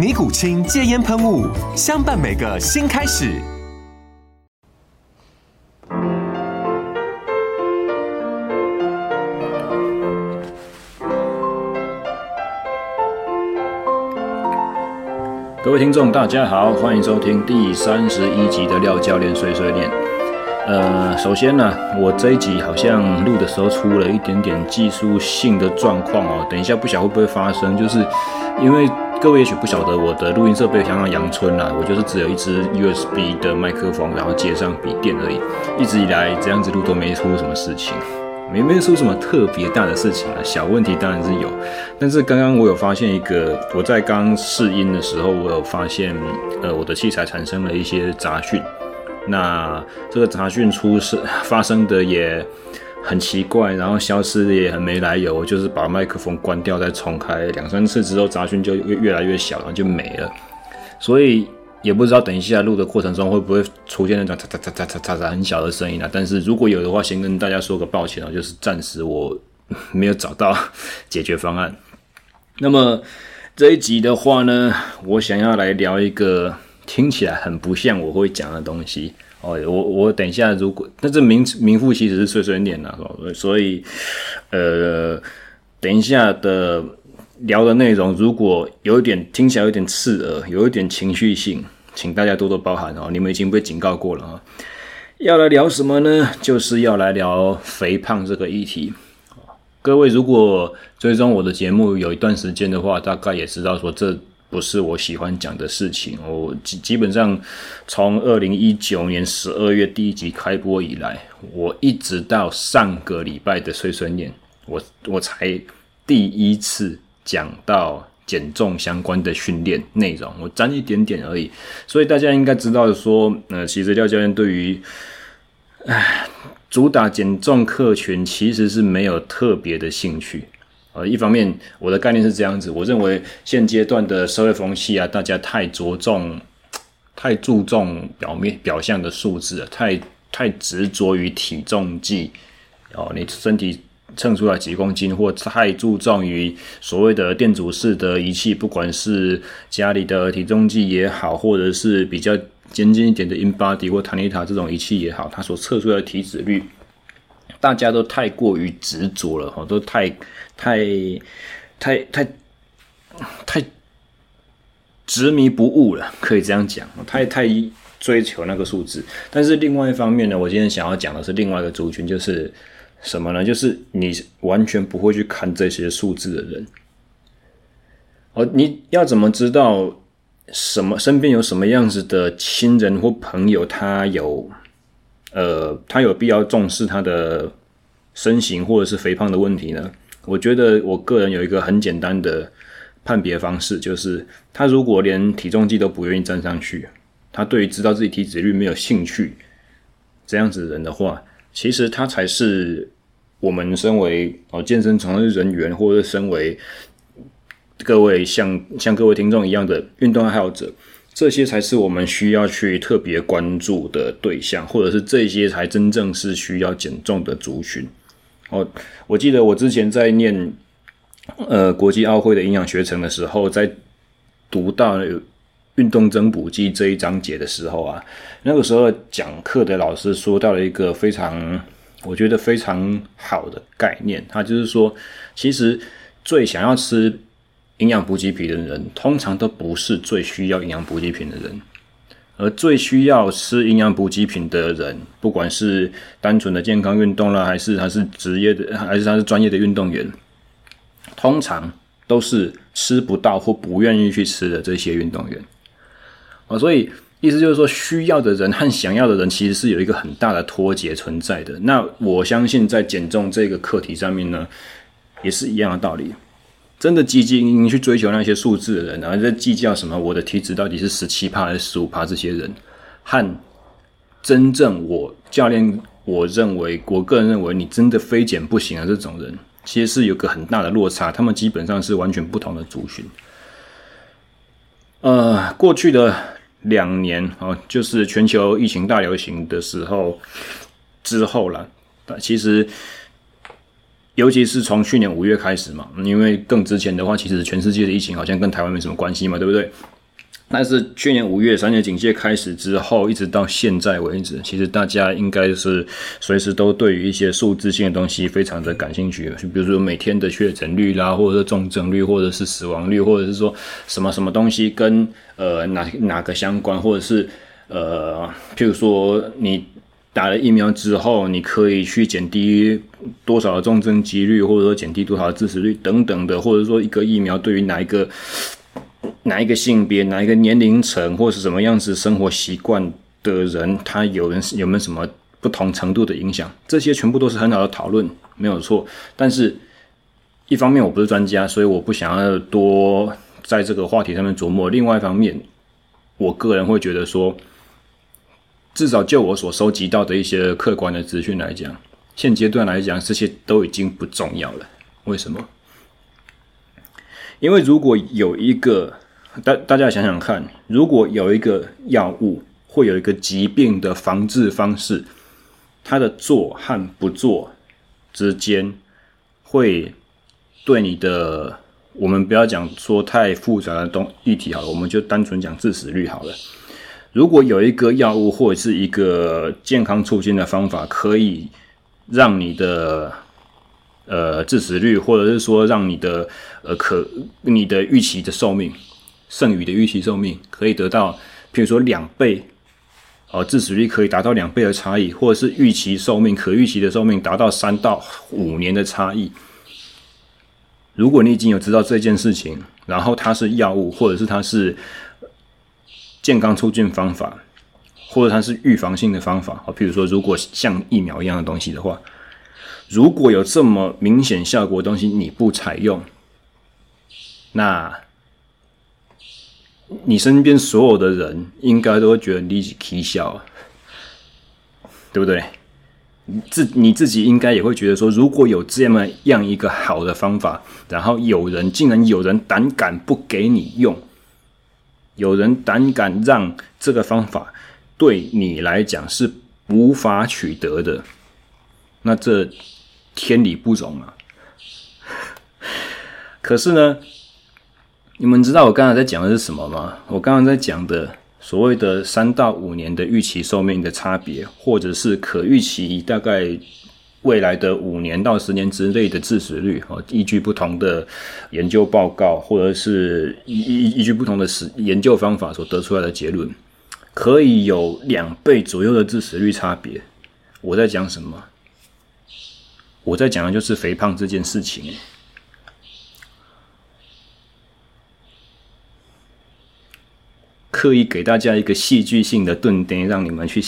尼古清戒煙噴霧，相伴每個新開始。各位聽眾，大家好，歡迎收聽第三十一集的廖教練碎碎念。呃，首先呢、啊，我這一集好像錄的時候出了一點點技術性的狀況哦，等一下不曉會不會發生，就是因為各位也許不曉得我的錄音設備相當陽春啦，啊，我就是只有一支 USB 的麥克風，然後接上筆電而已，一直以來這樣子錄都沒出什麼事情，沒沒出什麼特別大的事情啊，小問題當然是有，但是剛剛我有發現一個，我在剛試音的時候，我有發現，呃，我的器材產生了一些雜訊。那這個雜訊出是發生的也很奇怪，然後消失的也很沒來由，我就是把麥克風關掉再重開兩三次之後，雜訊就越越來越小，然後就沒了。所以也不知道等一下錄的過程中會不會出現那種咋咋咋咋咋咋很小的聲音啊？但是如果有的話，先跟大家說個抱歉啊，就是暫時我沒有找到解決方案。那麼這一集的話呢，我想要來聊一個。聽起來很不像我會講的東西哦，我我等一下如果那這名名副其實是碎碎念了啊，所以呃，等一下的聊的內容如果有一點聽起來有點刺耳，有一點情緒性，請大家多多包涵哦。你們已經被警告過了啊，要來聊什麼呢？就是要來聊肥胖這個議題。各位如果追蹤我的節目有一段時間的話，大概也知道說這。不是我喜歡講的事情。我基基本上從二零一九年十二月第一集開播以來，我一直到上個禮拜的碎碎念，我我才第一次講到減重相關的訓練內容，我沾一點點而已。所以大家應該知道說，呃，其實廖教練對於，唉，主打減重客群其實是沒有特別的興趣。呃，一方面，我的概念是這樣子，我認為現階段的社會風氣啊，大家太着重、太注重表面、表象的數字，太太執着於體重計哦，你身體稱出來幾公斤，或太注重於所謂的電阻式的儀器，不管是家裡的體重計也好，或者是比較先進一點的 Inbody 或 Tanita 這種儀器也好，它所測出來的體脂率。大家都太過於執着了哈，都太太太太太執迷不悟了，可以這樣講。太太追求那個數字，但是另外一方面呢，我今天想要講的是另外一個族群，就是什麼呢？就是你完全不會去看這些數字的人。哦，你要怎麼知道什麼身邊有什麼樣子的親人或朋友，他有？呃，他有必要重視他的身形或者是肥胖的問題呢？我覺得我個人有一個很簡單的判別方式，就是他如果連體重計都不願意站上去，他對於知道自己體脂率沒有興趣，這樣子的人的話，其實他才是我們身為哦健身從業人員，或者身為各位像像各位聽眾一樣的運動愛好者。這些才是我們需要去特別關注的對象，或者是這些才真正是需要減重的族群。哦，我記得我之前在念呃國際奧會的營養學程的時候，在讀到運動增補劑這一章節的時候啊，那個時候講課的老師說到了一個非常，我覺得非常好的概念，他就是說，其實最想要吃。營養補給品的人，通常都不是最需要營養補給品的人，而最需要吃營養補給品的人，不管是單純的健康運動啦，還是還是職業的，還是他是專業的運動員，通常都是吃不到或不願意去吃的這些運動員。啊、哦，所以意思就是說，需要的人和想要的人，其實是有一個很大的脫節存在的。那我相信，在減重這個課題上面呢，也是一樣的道理。真的汲汲你去追求那些數字的人，啊，然後在計較什麼？我的體脂到底是十七趴還是十五趴？這些人和真正我教練我認為，我個人認為，你真的非減不行的這種人，其實是有個很大的落差。他們基本上是完全不同的族群。呃，過去的兩年啊，哦，就是全球疫情大流行的時候之後了，其實。尤其是從去年五月開始嘛，因為更之前的話，其實全世界的疫情好像跟台灣沒什麼關係嘛，對不對？但是去年五月三級警戒開始之後，一直到現在為止，其實大家應該是隨時都對於一些數字性的東西非常的感興趣，就比如說每天的確診率啦，或者是重症率，或者是死亡率，或者是說什麼什麼東西跟呃哪哪個相關，或者是呃，譬如說你。打了疫苗之後，你可以去減低多少的重症幾率，或者說減低多少的致死率等等的，或者說一個疫苗對於哪一個哪一個性別、哪一個年齡層，或是什麼樣子生活習慣的人，他有人有沒有什麼不同程度的影響？這些全部都是很好的討論，沒有錯。但是，一方面我不是專家，所以我不想要多在這個話題上面琢磨；另外一方面，我個人會覺得說。至少就我所收集到的一些客觀的資訊來講，現階段來講，這些都已經不重要了。為什麼？因為如果有一個，大大家想想看，如果有一個藥物，會有一個疾病的防治方式，它的做和不做之間，會對你的，我們不要講說太複雜的東議題好了，我們就單純講致死率好了。如果有一個藥物或者是一個健康促進的方法，可以讓你的呃致死率，或者是說讓你的呃可你的預期的壽命剩餘的預期壽命可以得到，譬如說兩倍，呃，致死率可以達到兩倍的差異，或者是預期壽命可預期的壽命達到三到五年的差異。如果你已經有知道這件事情，然後它是藥物，或者是它是。健康促進方法，或者它是預防性的方法啊，比如說，如果像疫苗一樣的東西的話，如果有這麼明顯效果的東西，你不採用，那，你身邊所有的人應該都會覺得你起笑，對不對？你自你自己應該也會覺得說，如果有這麼樣一個好的方法，然後有人竟然有人膽敢不給你用。有人膽敢讓這個方法對你來講是無法取得的，那這天理不容啊。可是呢，你們知道我剛才在講的是什麼嗎？我剛剛在講的所謂的三到五年的預期壽命的差別，或者是可預期大概。未來的五年到十年之內的致死率啊，依據不同的研究報告，或者是依依依據不同的實研究方法所得出來的結論，可以有兩倍左右的致死率差別。我在講什麼？我在講的就是肥胖這件事情，刻意給大家一個戲劇性的頓點，讓你們去。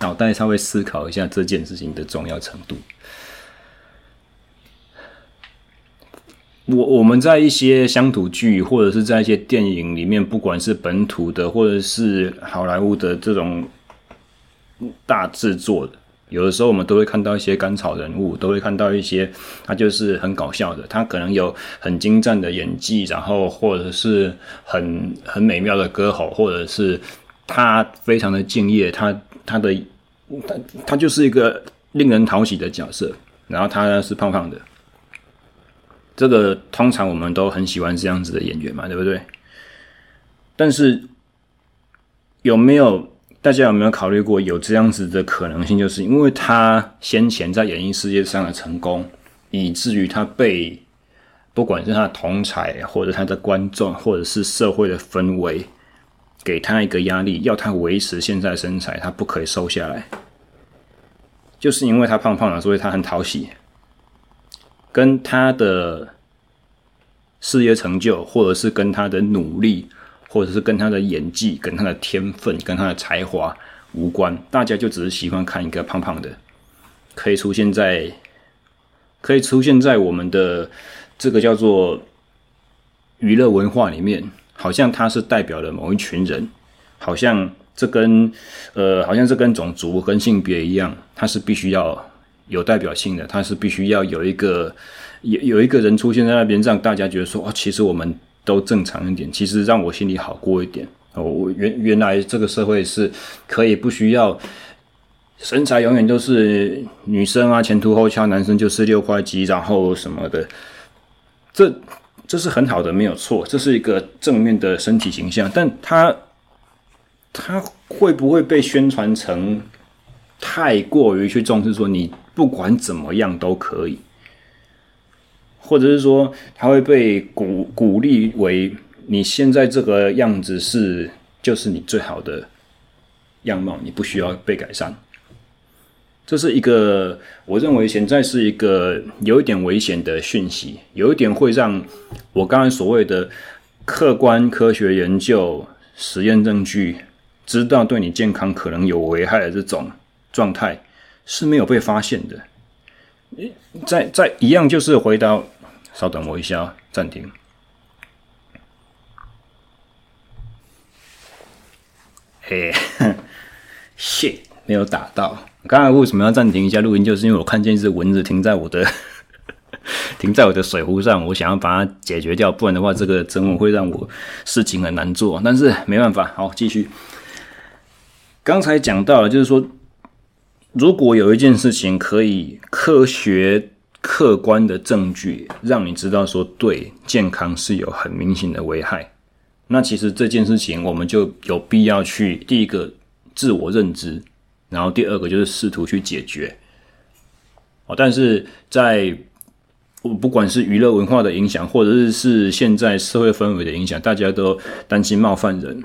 腦袋稍微思考一下這件事情的重要程度。我我們在一些鄉土劇，或者是在一些電影裡面，不管是本土的，或者是好萊塢的這種大製作的，有的時候我們都會看到一些甘草人物，都會看到一些他就是很搞笑的，他可能有很精湛的演技，然後或者是很很美妙的歌喉，或者是他非常的敬業，他他的。他他就是一個令人討喜的角色，然後他呢是胖胖的，這個通常我們都很喜歡這樣子的演員嘛，對不對？但是有沒有大家有沒有考慮過有這樣子的可能性，就是因為他先前在演藝世界上的成功，以至於他被不管是他的同儕，或者他的觀眾，或者是社會的氛圍，給他一個壓力，要他維持現在的身材，他不可以瘦下來，就是因為他胖胖的，所以他很討喜。跟他的事業成就，或者是跟他的努力，或者是跟他的演技、跟他的天分、跟他的才華無關，大家就只是喜歡看一個胖胖的，可以出現在，可以出現在我們的這個叫做娛樂文化裡面。好像他是代表了某一群人，好像這跟呃，好像是跟種族跟性別一樣，他是必須要有代表性的，他是必須要有一個有有一個人出現在那邊，讓大家覺得說，哦，其實我們都正常一點，其實讓我心裡好過一點哦。我原原來這個社會是可以不需要身材永遠都是女生啊，前凸後翹，男生就是六塊肌，然後什麼的，這。這是很好的，沒有錯，這是一個正面的身體形象，但他他會不會被宣傳成太過於去重視？就是，說你不管怎麼樣都可以，或者是說他會被鼓鼓勵為你現在這個樣子是就是你最好的樣貌，你不需要被改善。這是一個，我認為現在是一個有一點危險的訊息，有一點會讓我剛才所謂的客觀科學研究實驗證據知道對你健康可能有危害的這種狀態是沒有被發現的。誒，在在一樣就是回到，稍等我一下，暫停。嘿，shit，沒有打到。剛才為什麼要暫停一下錄音？就是因為我看見一隻蚊子停在我的 停在我的水壺上，我想要把它解決掉，不然的話這個生物會讓我事情很難做。但是沒辦法，好，繼續。剛才講到了，就是說，如果有一件事情可以科學客觀的證據讓你知道說對健康是有很明顯的危害，那其實這件事情我們就有必要去第一個自我認知。然後第二個就是試圖去解決，哦，但是在不管是娛樂文化的影響，或者是、是現在社會氛圍的影響，大家都擔心冒犯人，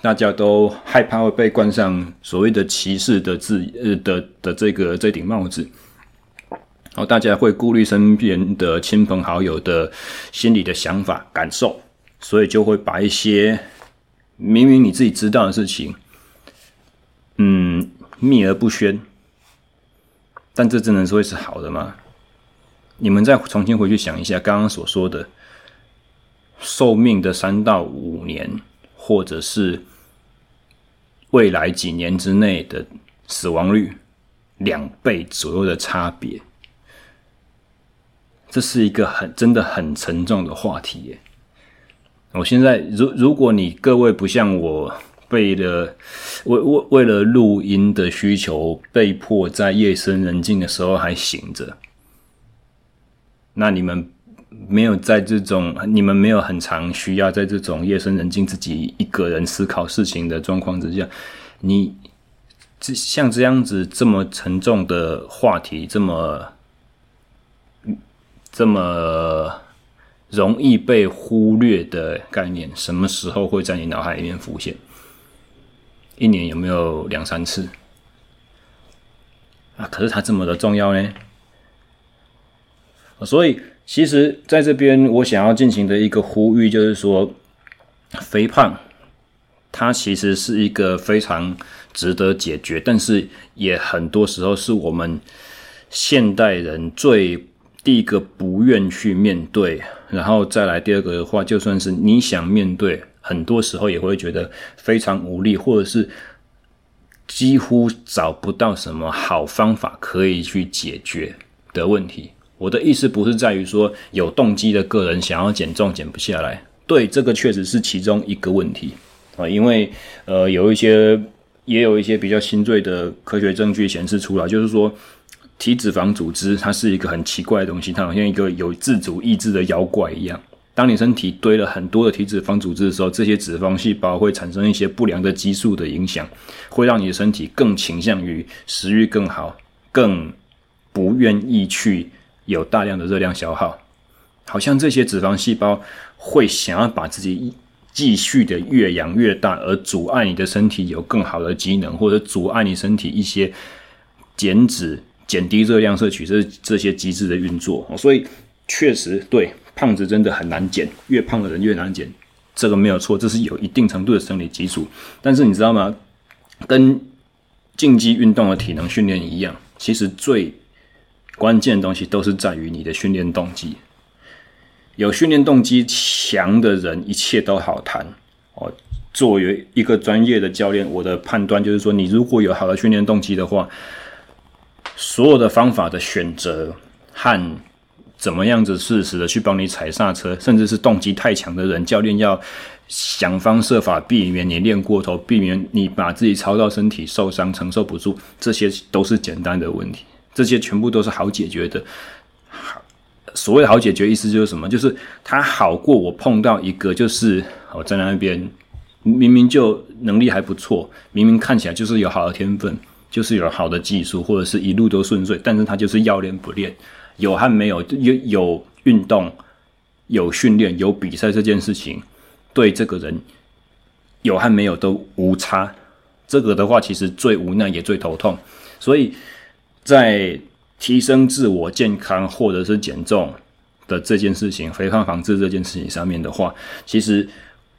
大家都害怕會被冠上所謂的歧視的字、呃、的的、的這個這頂帽子，哦，大家會顧慮身邊的親朋好友的心理的想法感受，所以就會把一些明明你自己知道的事情，嗯。秘而不宣，但這真的是會是好的嗎？你們再重新回去想一下剛剛所說的，壽命的三到五年，或者是未來幾年之內的死亡率兩倍左右的差別，這是一個很真的很沉重的話題耶。我現在，如果如果你各位不像我。了為，為了為為為了錄音的需求，被迫在夜深人靜的時候還醒着。那你們沒有在這種，你們沒有很常需要在這種夜深人靜自己一個人思考事情的狀況之下，你這像這樣子這麼沉重的話題，這麼這麼容易被忽略的概念，什麼時候會在你腦海裡面浮現？一年有沒有兩三次？啊，可是它這麼的重要呢？所以，其實在這邊我想要進行的一個呼籲，就是說，肥胖，它其實是一個非常值得解決，但是也很多時候是我們現代人最第一個不願去面對，然後再來第二個的話，就算是你想面對。很多時候也會覺得非常無力，或者是幾乎找不到什麼好方法可以去解決的問題。我的意思不是在於說有動機的個人想要減重減不下來，對，這個確實是其中一個問題啊。因為呃，有一些也有一些比較新銳的科學證據顯示出來，就是說體脂肪組織它是一個很奇怪的東西，它好像一個有自主意志的妖怪一樣。當你身體堆了很多的體脂肪組織的時候，這些脂肪細胞會產生一些不良的激素的影響，會讓你的身體更傾向於食欲更好，更不願意去有大量的熱量消耗。好像這些脂肪細胞會想要把自己繼續的越養越大，而阻礙你的身體有更好的機能，或者阻礙你身體一些減脂、減低熱量攝取這這些機制的運作。所以，確實對。胖子真的很難減，越胖的人越難減，這個沒有錯，這是有一定程度的生理基礎。但是你知道嗎？跟競技運動的體能訓練一樣，其實最關鍵的東西都是在於你的訓練動機。有訓練動機強的人，一切都好談。哦，作為一個專業的教練，我的判斷就是說，你如果有好的訓練動機的話，所有的方法的選擇和。怎麼樣子適時的去幫你踩剎車，甚至是動機太強的人，教練要想方設法避免你練過頭，避免你把自己操到身體受傷、承受不住，這些都是簡單的問題，這些全部都是好解決的。好，所謂的好解決意思就是什麼？就是他好過我碰到一個，就是我在那邊明明就能力還不錯，明明看起來就是有好的天分，就是有好的技術，或者是一路都順遂，但是他就是要練不練。有和沒有，有有運動、有訓練、有比賽這件事情，對這個人有和沒有都無差。這個的話，其實最無奈也最頭痛。所以在提升自我健康或者是減重的這件事情、肥胖防治這件事情上面的話，其實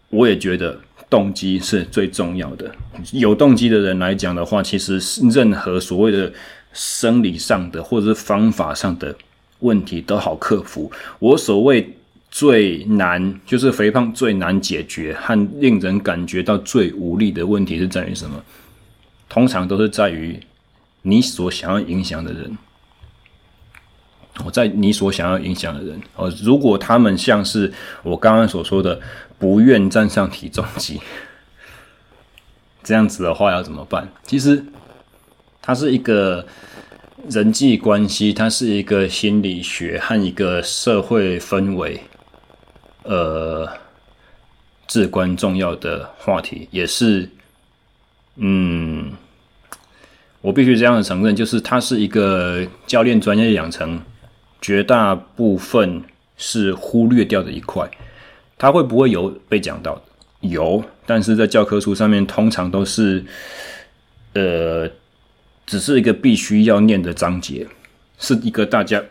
我也覺得動機是最重要的。有動機的人來講的話，其實任何所謂的。生理上的或者是方法上的問題都好克服。我所謂最難就是肥胖最難解決和令人感覺到最無力的問題是在於什麼？通常都是在於你所想要影響的人。我、哦、在你所想要影響的人哦，如果他們像是我剛剛所說的不願站上體重機這樣子的話，要怎麼辦？其實。它是一個人際關係，它是一個心理學和一個社會氛圍，呃，至關重要的話題，也是，嗯，我必須這樣的承認，就是它是一個教練專業養成，絕大部分是忽略掉的一塊，它會不會有被講到？有，但是在教科書上面通常都是，呃。只是一個必須要念的章節，是一個大家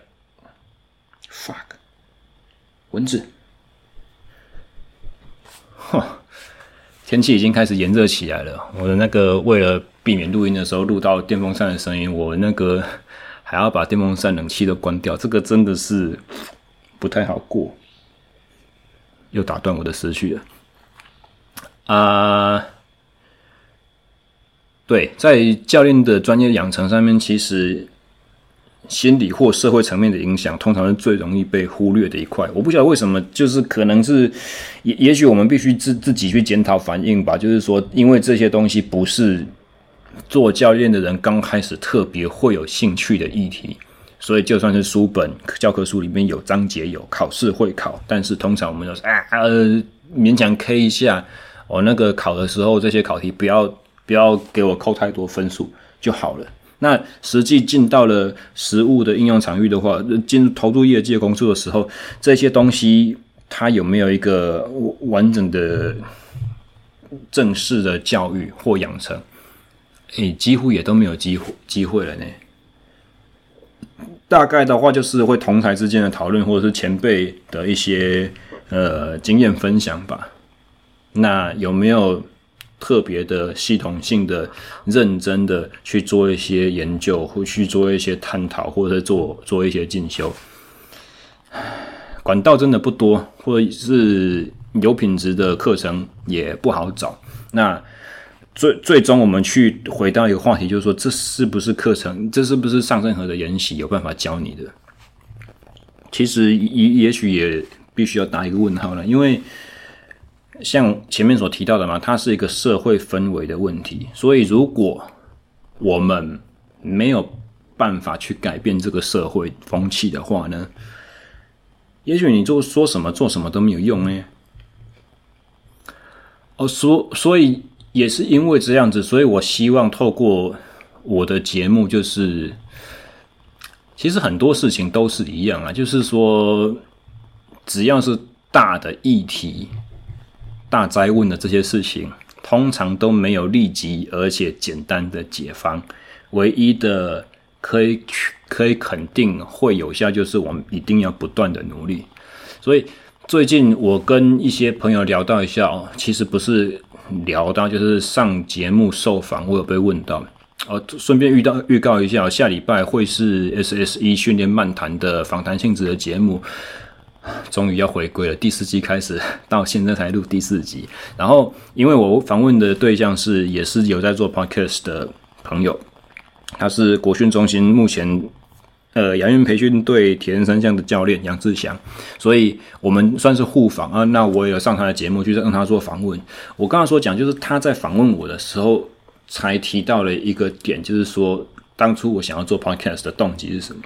fuck 文字。哼，天氣已經開始炎熱起來了。我的那個為了避免錄音的時候錄到電風扇的聲音，我那個還要把電風扇冷氣都關掉，這個真的是不太好過。又打斷我的思緒了啊。Uh 對，在教練的專業養成上面，其實心理或社會層面的影響，通常是最容易被忽略的一塊。我不曉得為什麼，就是可能是也也許我們必須自自己去檢討反應吧。就是說，因為這些東西不是做教練的人剛開始特別會有興趣的議題，所以就算是書本教科書裡面有章節有考試會考，但是通常我們都是啊呃勉強 K 一下。我、哦、那個考的時候，這些考題不要。不要給我扣太多分數就好了。那實際進到了實務的應用場域的話，進入投入業界工作的時候，這些東西它有沒有一個完整的、正式的教育或養成？你幾乎也都沒有機會機會了呢。大概的話就是會同台之間的討論，或者是前輩的一些呃經驗分享吧。那有沒有？特別的系統性的、認真的去做一些研究，或去做一些探討，或者做做一些進修，管道真的不多，或者是有品質的課程也不好找。那最最終，我們去回到一個話題，就是說，這是不是課程？這是不是上任何的研習有辦法教你的？其實也也許也必須要打一個問號了，因為。像前面所提到的嘛，它是一個社會氛圍的問題，所以如果我們沒有辦法去改變這個社會風氣的話呢，也許你就說，說什麼做什麼都沒有用呢。哦，所所以也是因為這樣子，所以我希望透過我的節目，就是其實很多事情都是一樣啊，就是說只要是大的議題。大災問的這些事情，通常都沒有立即而且簡單的解方。唯一的可以可以肯定會有效，就是我們一定要不斷地努力。所以最近我跟一些朋友聊到一下哦，其實不是聊到，就是上節目受訪，我有被問到哦。順便預告預告一下，哦，下禮拜會是 SSE 訓練漫談的訪談性質的節目。終於要回歸了，第四季開始到現在才錄第四集。然後，因為我訪問的對象是也是有在做 podcast 的朋友，他是國訓中心目前呃亞運培訓隊鐵人三項的教練楊志祥，所以我們算是互訪啊。那我也有上他的節目，就是讓他做訪問。我剛剛所講，就是他在訪問我的時候才提到了一個點，就是說，當初我想要做 podcast 的動機是什麼。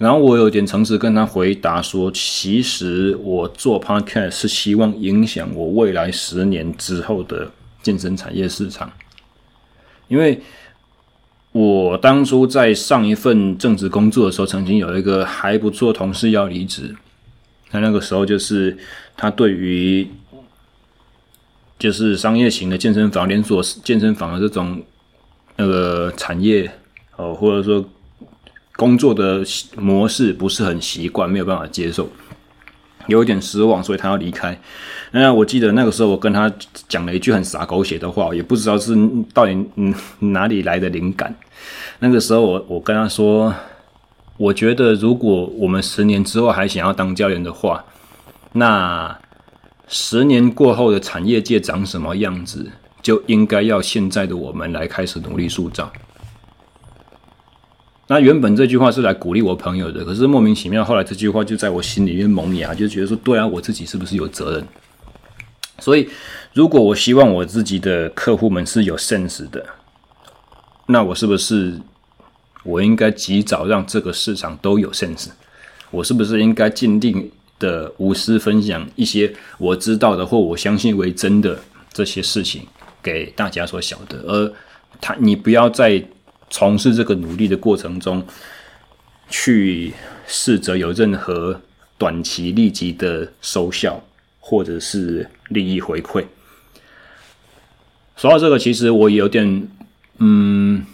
然後我有點誠實跟他回答說：“其實我做 Podcast 是希望影響我未來十年之後的健身產業市場，因為，我當初在上一份正職工作的時候，曾經有一個還不錯同事要離職，他那個時候就是他對於，就是商業型的健身房連鎖健身房的這種那個產業哦，或者說。”工作的模式不是很習慣，沒有辦法接受，有一點失望，所以他要離開。那我記得那個時候，我跟他講了一句很灑狗血的話，也不知道是到底嗯哪裡來的靈感。那個時候我，我我跟他說，我覺得如果我們十年之後還想要當教練的話，那十年過後的產業界長什麼樣子，就應該要現在的我們來開始努力塑造。那原本這句話是來鼓勵我朋友的，可是莫名其妙，後來這句話就在我心裡面萌芽，就覺得說，對啊，我自己是不是有責任？所以，如果我希望我自己的客戶們是有 sense 的，那我是不是我應該及早讓這個市場都有 sense？我是不是應該堅定的無私分享一些我知道的或我相信為真的這些事情給大家所曉得？而他，你不要再。從事這個努力的過程中，去試着有任何短期立即的收效，或者是利益回饋。說到這個，其實我有點，嗯，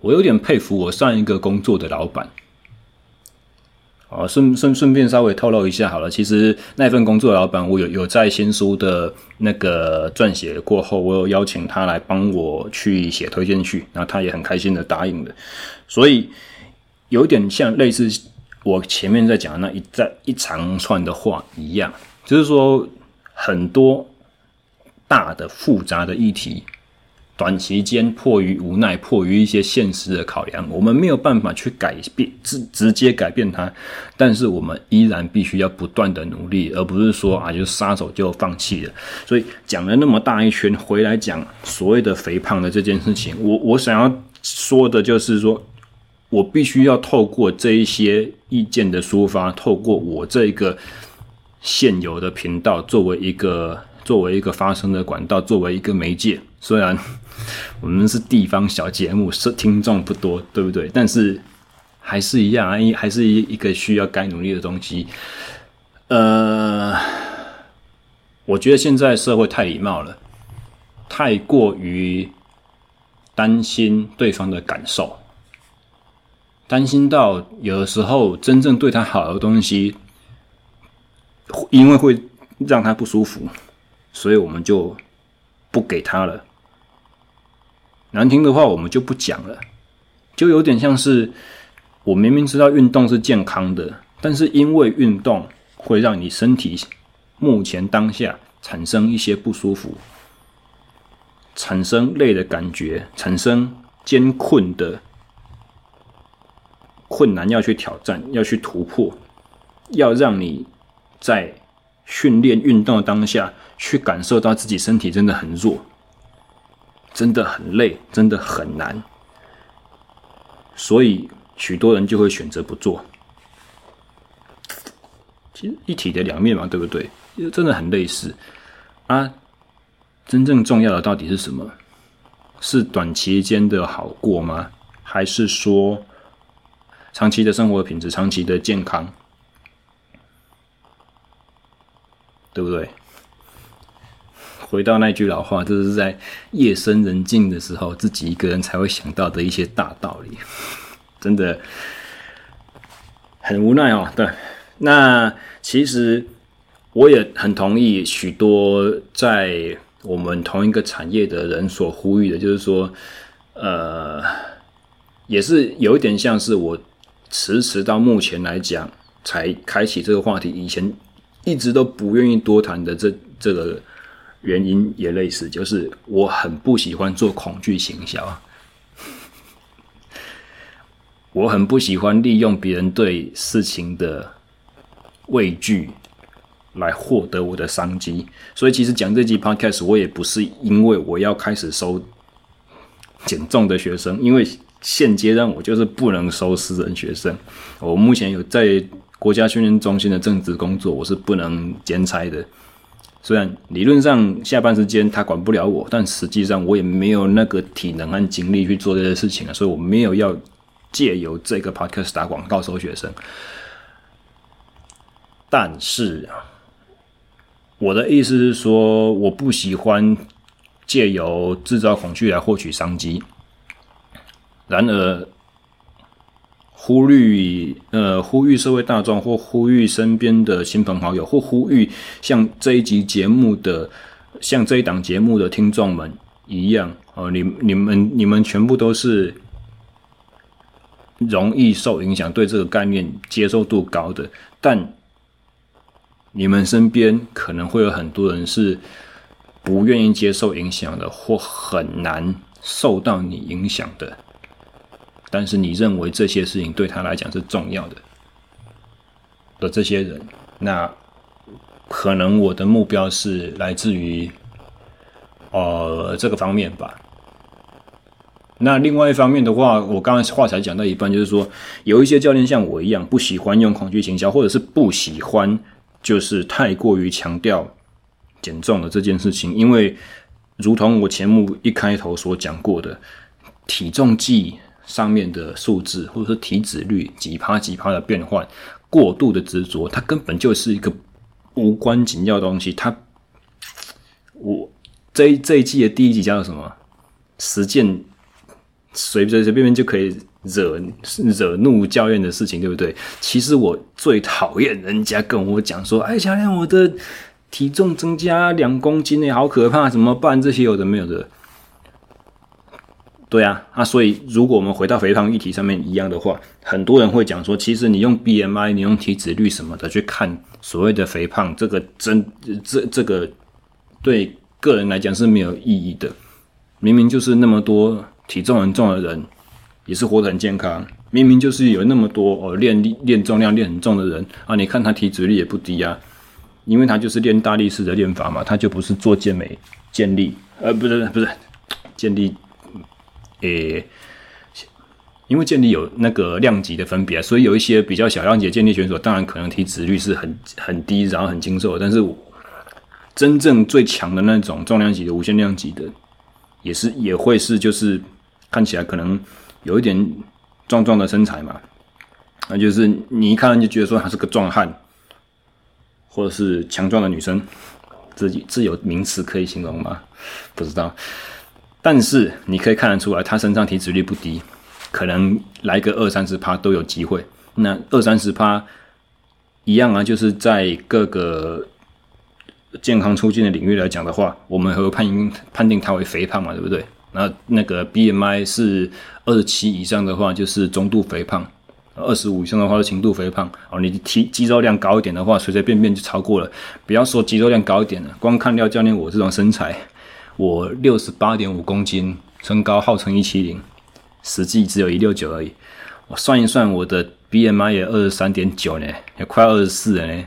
我有點佩服我上一個工作的老闆。哦，順順順便稍微透露一下好了，其實那份工作老闆，我有有在新書的那個撰寫過後，我有邀請他來幫我去寫推薦序，那他也很開心的答應了，所以有點像類似我前面在講的那一在一長串的話一樣，就是說很多大的複雜的議題。短期間迫於無奈，迫於一些現實的考量，我們沒有辦法去改變直直接改變它，但是我們依然必須要不斷的努力，而不是說啊，就撒手就放棄了。所以講了那麼大一圈，回來講所謂的肥胖的這件事情，我我想要說的就是說，我必須要透過這一些意見的抒發，透過我這個現有的頻道，作為一個。作為一個發聲的管道，作為一個媒介，雖然我們是地方小節目，是聽眾不多，對不對？但是還是一樣啊，一還是一一個需要該努力的東西。呃，我覺得現在社會太禮貌了，太過於擔心對方的感受，擔心到有的時候真正對他好的東西，因為會讓他不舒服。所以我們就不給他了，難聽的話我們就不講了，就有點像是我明明知道運動是健康的，但是因為運動會讓你身體目前當下產生一些不舒服，產生累的感覺，產生艱困的困難，要去挑戰，要去突破，要讓你在。訓練運動當下，去感受到自己身體真的很弱，真的很累，真的很難，所以許多人就會選擇不做。其實一體的兩面嘛，對不對？真的很類似。啊！真正重要的到底是什麼？是短期間的好過嗎？還是說長期的生活的品質、長期的健康？對不對？回到那句老話，就是在夜深人靜的時候，自己一個人才會想到的一些大道理，真的，很無奈哦。對，那其實我也很同意許多在我們同一個產業的人所呼籲的，就是說，呃，也是有一點像是我遲遲到目前來講才開啟這個話題，以前。一直都不願意多談的這這個原因也類似，就是我很不喜歡做恐懼行銷， 我很不喜歡利用別人對事情的畏懼來獲得我的商機。所以其實講這集 podcast，我也不是因為我要開始收減重的學生，因為現階段我就是不能收私人學生。我目前有在。國家訓練中心的正職工作，我是不能兼差的。雖然理論上下班時間他管不了我，但實際上我也沒有那個體能和精力去做這些事情了，所以我沒有要借由這個 podcast 打廣告收學生。但是啊，我的意思是說，我不喜歡借由制造恐懼來獲取商機。然而。呼籲呃，呼籲社會大眾，或呼籲身邊的親朋好友，或呼籲像這一集節目的，像這一檔節目的聽眾們一樣哦、呃，你你們你們全部都是容易受影響，對這個概念接受度高的，但你們身邊可能會有很多人是不願意接受影響的，或很難受到你影響的。但是你認為這些事情對他來講是重要的的這些人，那可能我的目標是來自於呃這個方面吧。那另外一方面的話，我剛才話才講到一半，就是說有一些教練像我一樣不喜歡用恐懼行銷，或者是不喜歡就是太過於強調減重的這件事情，因為如同我節目一開頭所講過的體重計。上面的數字，或者說體脂率幾，幾趴幾趴的變換，過度的執着，它根本就是一個無關緊要的東西。它，我這這一季的第一集叫做什麼？實踐隨隨隨便便就可以惹惹怒教練的事情，對不對？其實我最討厭人家跟我講說：“哎，教練，我的體重增加兩公斤誒，好可怕，怎麼辦？”這些有的沒有的。對啊，那、啊、所以如果我們回到肥胖議題上面一樣的話，很多人會講說，其實你用 BMI、你用體脂率什麼的去看所謂的肥胖，這個真這這個對個人來講是沒有意義的。明明就是那麼多體重很重的人，也是活得很健康。明明就是有那麼多哦練練重量練很重的人啊，你看他體脂率也不低啊，因為他就是練大力士的練法嘛，他就不是做健美、健力，呃，不是不是健力。誒、欸，因為健力有那個量級的分別，所以有一些比較小量級的健力選手，當然可能體脂率是很很低，然後很精瘦。但是真正最強的那種重量級的、無限量級的，也是也會是就是看起來可能有一點壯壯的身材嘛，那就是你一看就覺得說他是個壯漢，或者是強壯的女生，這、這有名詞可以形容嗎？不知道。但是你可以看得出來，他身上體脂率不低，可能來個二三十趴都有機會。那二三十趴一樣啊，就是在各個健康促進的領域來講的話，我們會判判定他為肥胖嘛，對不對？那那個 BMI 是二十七以上的話，就是中度肥胖；二十五以上的話是輕度肥胖。哦，你體肌肉量高一點的話，隨隨便便就超過了。不要說肌肉量高一點了，光看廖教練我這種身材。我六十八點五公斤，身高號稱一七零，實際只有一六九而已。我算一算，我的 B M I 也二十三點九呢，也快二十四了呢，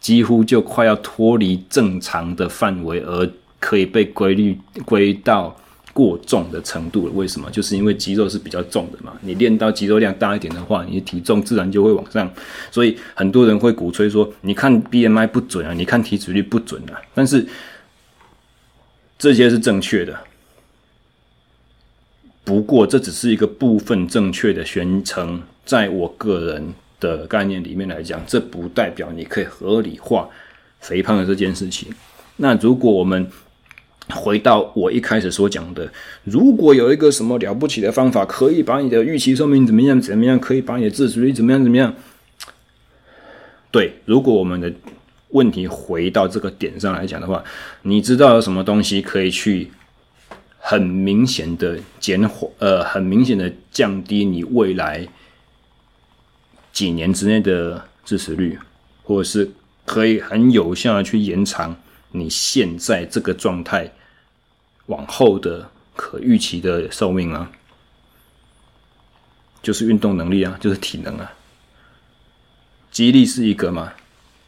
幾乎就快要脫離正常的範圍，而可以被歸類歸到過重的程度了。為什麼？就是因為肌肉是比較重的嘛。你練到肌肉量大一點的話，你的體重自然就會往上。所以很多人會鼓吹說，你看 B M I 不準啊，你看體脂率不準啊，但是，這些是正確的，不過這只是一個部分正確的宣稱。在我個人的概念裡面來講，這不代表你可以合理化肥胖的這件事情。那如果我們回到我一開始所講的，如果有一個什麼了不起的方法，可以把你的預期壽命怎麼樣怎麼樣，可以把你的自主怎麼樣怎麼樣？對，如果我們的。問題回到這個點上來講的話，你知道有什麼東西可以去很明顯的減緩，呃，很明顯的降低你未來幾年之內的致死率，或者是可以很有效的去延長你現在這個狀態往後的可預期的壽命啊。就是運動能力啊，就是體能啊，肌力是一個嗎？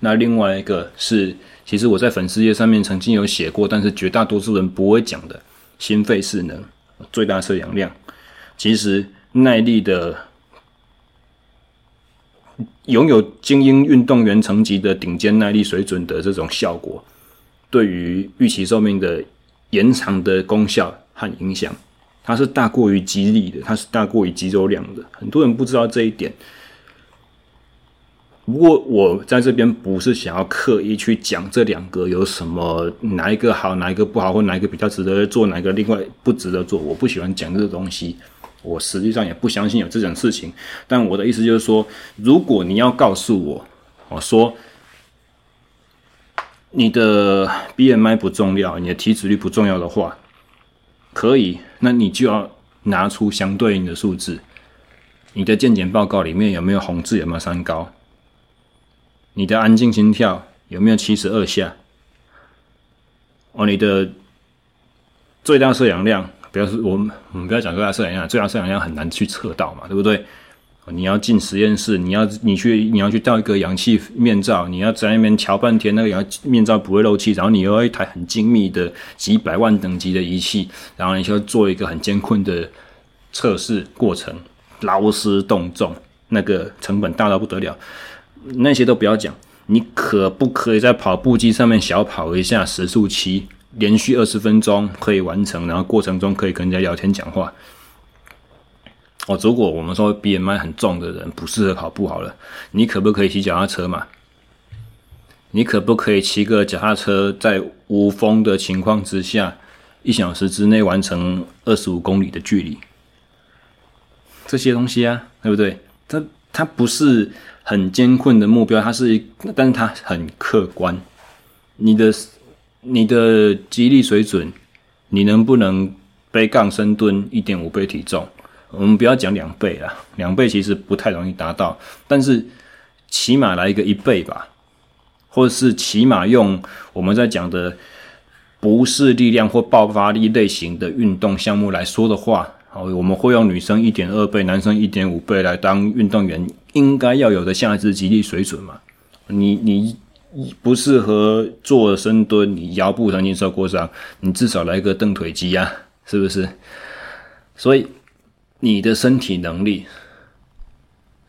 那另外一個是，其實我在粉絲頁上面曾經有寫過，但是絕大多數人不會講的心肺適能、最大攝氧量，量，其實耐力的擁有精英運動員層級的頂尖耐力水準的這種效果，對於預期壽命的延長的功效和影響，它是大過於肌力的，它是大過於肌肉量的。很多人不知道這一點。不過我在這邊不是想要刻意去講這兩個有什麼，哪一個好，哪一個不好，或哪一個比較值得做，哪一個另外不值得做。我不喜歡講這個東西，我實際上也不相信有這種事情。但我的意思就是說，如果你要告訴我，我說你的 BMI 不重要，你的體脂率不重要的話，可以，那你就要拿出相對應的數字。你的健檢報告裡面有沒有紅字？有沒有三高？你的安靜心跳有沒有七十二下？哦，你的最大攝氧量，不要說我們，我們不要講最大攝氧量，最大攝氧量很難去測到嘛，對不對？哦，你要進實驗室，你要你去，你要去戴一個氧氣面罩，你要在那邊喬半天，那個氧氣面罩不會漏氣，然後你有一台很精密的幾百萬等級的儀器，然後你就做一個很艱困的測試過程，勞師動眾，那個成本大到不得了。那些都不要講，你可不可以在跑步機上面小跑一下，時速七，連續二十分鐘可以完成，然後過程中可以跟人家聊天講話。哦，如果我們說 BMI 很重的人不適合跑步，好了，你可不可以騎腳踏車嘛？你可不可以騎個腳踏車，在無風的情況之下，一小時之內完成二十五公里的距離？這些東西啊，對不對？它它不是，很艱困的目標，它是，但是它很客觀。你的，你的肌力水準，你能不能背槓深蹲一點五倍體重？我們不要講兩倍啦，兩倍其實不太容易達到，但是起碼來一個一倍吧，或者是起碼用我們在講的不是力量或爆發力類型的運動項目來說的話。好，我們會用女生一點二倍，男生一點五倍來當運動員應該要有的下肢肌力水準嘛？你你不適合做深蹲，你腰部曾經受過傷，你至少來個蹬腿機啊，是不是？所以你的身體能力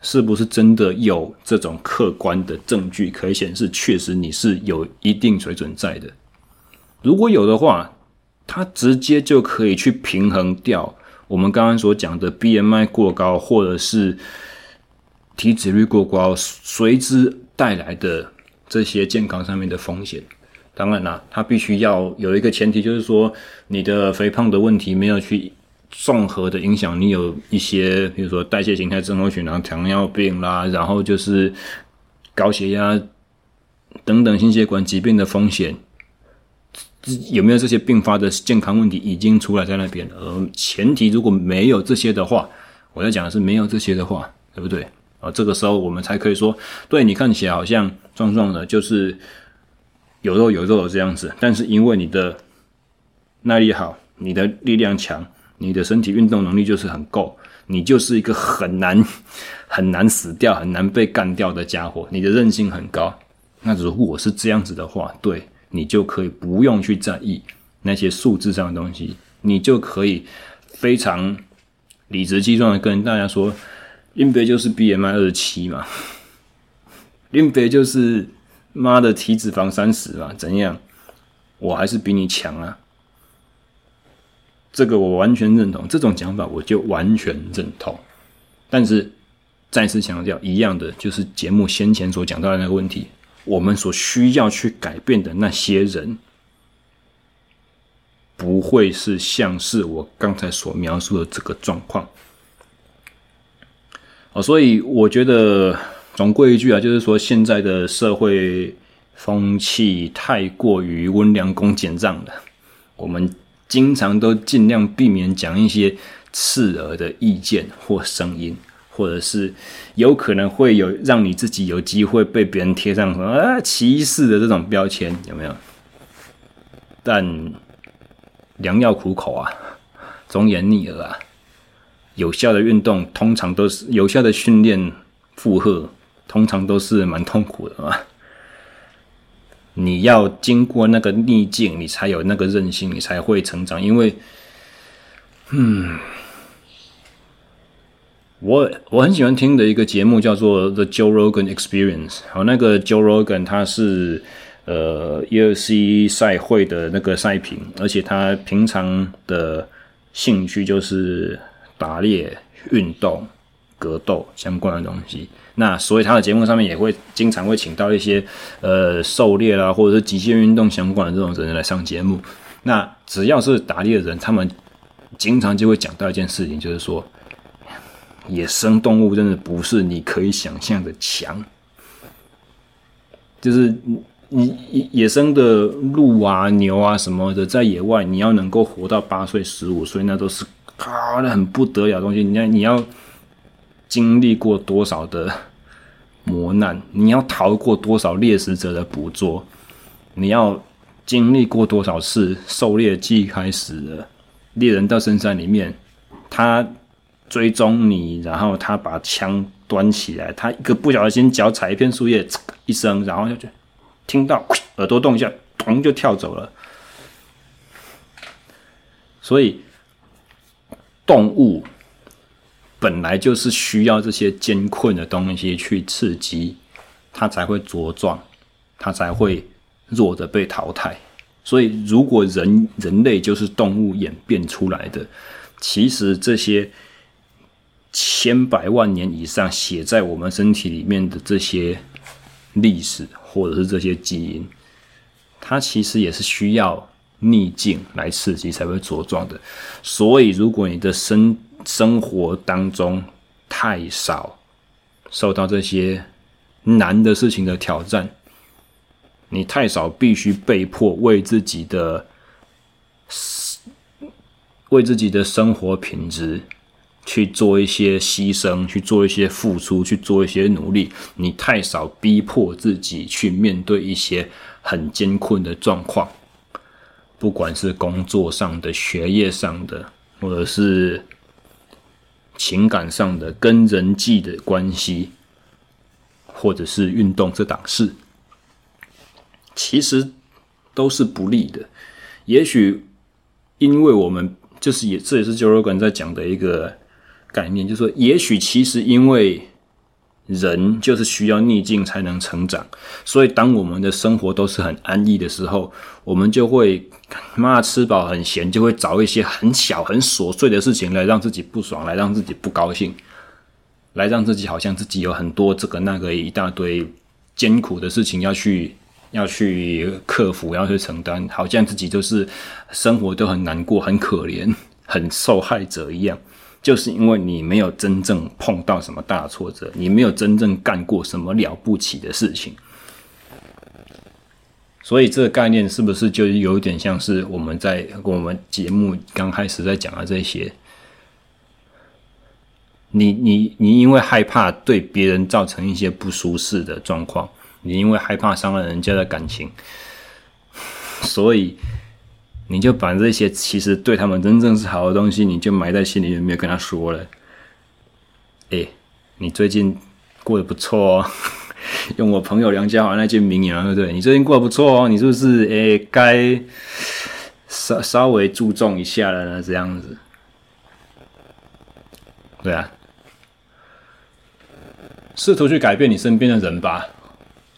是不是真的有這種客觀的證據可以顯示，確實你是有一定水準在的？如果有的話，它直接就可以去平衡掉。我們剛剛所講的 BMI 過高，或者是體脂率過高，隨之帶來的這些健康上面的風險，當然啦，它必須要有一個前提，就是說你的肥胖的問題沒有去綜合的影響，你有一些，比如說代謝形態、症候群、糖尿病啦、啊，然後就是高血壓等等心血管疾病的風險。有沒有這些併發的健康問題已經出來在那邊了？而、呃、前提如果沒有這些的話，我要講的是沒有這些的話，對不對？啊、哦，這個時候我們才可以說，對你看起來好像壯壯的，就是有肉有肉的這樣子。但是因為你的耐力好，你的力量強，你的身體運動能力就是很夠，你就是一個很難很難死掉、很難被幹掉的傢伙。你的韌性很高。那如果是這樣子的話，對。你就可以不用去在意那些數字上的東西，你就可以非常理直氣壯的跟大家說，林北就是 BMI 二十七嘛，林北就是媽的體脂肪三十嘛，怎樣？我還是比你強啊！這個我完全認同，這種講法我就完全認同。但是再次強調，一樣的就是節目先前所講到的那個問題。我們所需要去改變的那些人，不會是像是我剛才所描述的這個狀況。哦，所以我覺得總歸一句啊，就是說現在的社會風氣太過於溫良恭儉讓了，我們經常都儘量避免講一些刺耳的意見或聲音。或者是有可能會有讓你自己有機會被別人貼上什麼啊歧視的這種標籤，有沒有？但良藥苦口啊，忠言逆耳啊，有效的運動通常都是有效的訓練負荷，通常都是蠻痛苦的嘛。你要經過那個逆境，你才有那個韌性，你才會成長。因為，嗯。我我很喜歡聽的一個節目叫做 The Joe Rogan Experience，好，那個 Joe Rogan 他是呃 UFC 賽會的那個賽評，而且他平常的興趣就是打獵、運動、格鬥相關的東西。那所以他的節目上面也會經常會請到一些呃狩獵啦、啊，或者是極限運動相關的這種人來上節目。那只要是打獵的人，他們經常就會講到一件事情，就是說。野生動物真的不是你可以想象的強，就是野野生的鹿啊、牛啊什麼的，在野外你要能夠活到八歲、十五歲，那都是啊，那很不得了的東西。你看你要經歷過多少的磨難？你要逃過多少獵食者的捕捉？你要經歷過多少次狩獵季開始了？獵人到深山裡面，他。追蹤你，然後他把槍端起來，他一個不小心腳踩一片樹葉，嚓一聲，然後就聽到耳朵、呃、動一下，咚就跳走了。所以動物本來就是需要這些艱困的東西去刺激，它才會茁壯，它才會弱的被淘汰。嗯、所以如果人人類就是動物演變出來的，其實這些。千百萬年以上寫在我們身體裡面的這些歷史，或者是這些基因，它其實也是需要逆境來刺激才會茁壯的。所以，如果你的生生活當中太少受到這些難的事情的挑戰，你太少必須被迫為自己的，為自己的生活品質。去做一些犧牲，去做一些付出，去做一些努力。你太少逼迫自己去面對一些很艱困的狀況，不管是工作上的、學業上的，或者是情感上的、跟人際的關係，或者是運動這檔事，其實都是不利的。也許因為我們就是也這也是 Joe Rogan 在講的一個概念就是說，也許其實因為人就是需要逆境才能成長，所以當我們的生活都是很安逸的時候，我們就會，媽吃飽很閒，就會找一些很小很瑣碎的事情來讓自己不爽，來讓自己不高興，來讓自己好像自己有很多這個那個一大堆艱苦的事情要去要去克服，要去承擔，好像自己就是生活都很難過、很可憐、很受害者一樣。就是因為你沒有真正碰到什麼大挫折，你沒有真正幹過什麼了不起的事情，所以這個概念是不是就有點像是我們在我們節目剛開始在講的這些？你你你因為害怕對別人造成一些不舒適的狀況，你因為害怕傷了人家的感情，所以。你就把這些其實對他們真正是好的東西，你就埋在心裡面，沒有跟他說了。哎，你最近過得不錯哦， 用我朋友梁家華那句名言，對不對？你最近過得不錯哦，你是不是哎該稍稍微注重一下了呢？這樣子，對啊，試圖去改變你身邊的人吧。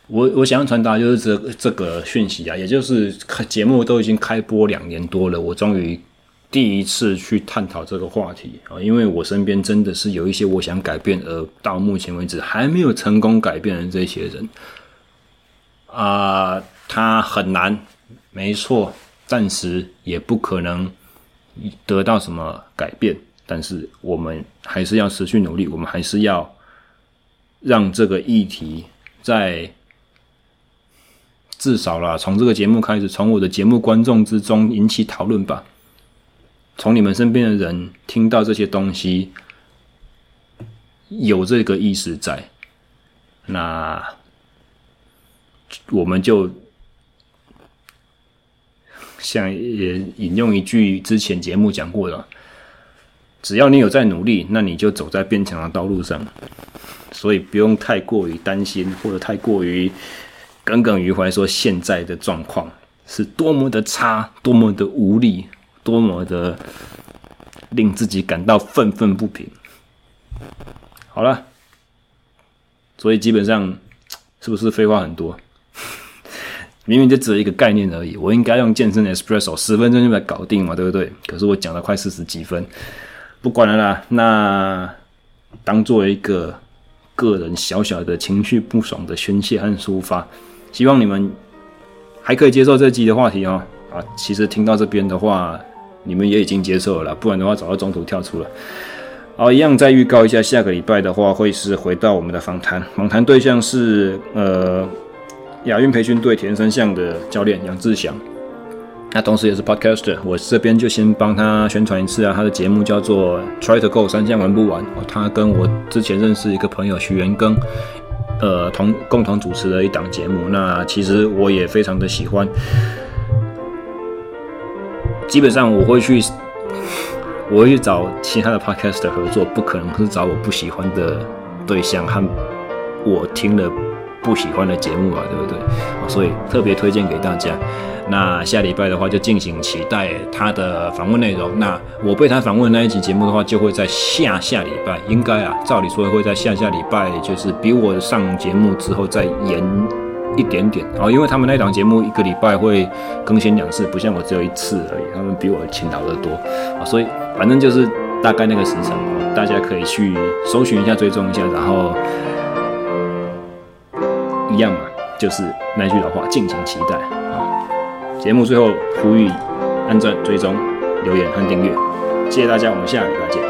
我我想要傳達就是這這個訊息啊，也就是節目都已經開播兩年多了，我終於第一次去探討這個話題啊，因為我身邊真的是有一些我想改變而到目前為止還沒有成功改變的這些人，啊、呃，他很難，沒錯，暫時也不可能得到什麼改變，但是我們還是要持續努力，我們還是要讓這個議題在。至少啦，從這個節目開始，從我的節目觀眾之中引起討論吧。從你們身邊的人聽到這些東西，有這個意識在，那我們就像也引用一句之前節目講過的，只要你有在努力，那你就走在變強的道路上。所以不用太過於擔心，或者太過於。耿耿於懷，說現在的狀況是多麼的差，多麼的無力，多麼的令自己感到憤憤不平。好了，所以基本上是不是廢話很多？ 明明就只有一個概念而已，我應該用健身 Espresso 十分鐘就來搞定嘛，對不對？可是我講了快四十幾分，不管了啦，那當作一個個人小小的情緒不爽的宣泄和抒發。希望你們還可以接受這集的話題哦。啊，其實聽到這邊的話，你們也已經接受了，不然的話，早就中途跳出了。好，一樣再預告一下，下個禮拜的話會是回到我們的訪談，訪談對象是呃亞運培訓隊鐵人三項的教練楊志祥，那同時也是 Podcaster。我這邊就先幫他宣傳一次啊，他的節目叫做《Try to Go》，三項玩不完。他跟我之前認識一個朋友徐元庚。呃，同共同主持了一檔節目，那其實我也非常的喜歡。基本上我會去，我會去找其他的 podcast 合作，不可能是找我不喜歡的對象和我聽了不喜歡的節目啊，對不對？所以特別推薦給大家。那下禮拜的話，就敬請期待他的訪問內容。那我被他訪問的那一集節目的話，就會在下下禮拜，應該啊，照理說會在下下禮拜，就是比我上節目之後再延一點點。好、哦，因為他們那檔節目一個禮拜會更新兩次，不像我只有一次而已。他們比我勤勞得多、哦、所以反正就是大概那個時辰、哦，大家可以去搜尋一下、追蹤一下，然後一樣嘛，就是那句老話，敬請期待。節目最後呼籲，按讚、追蹤、留言和訂閱，謝謝大家，我們下禮拜見。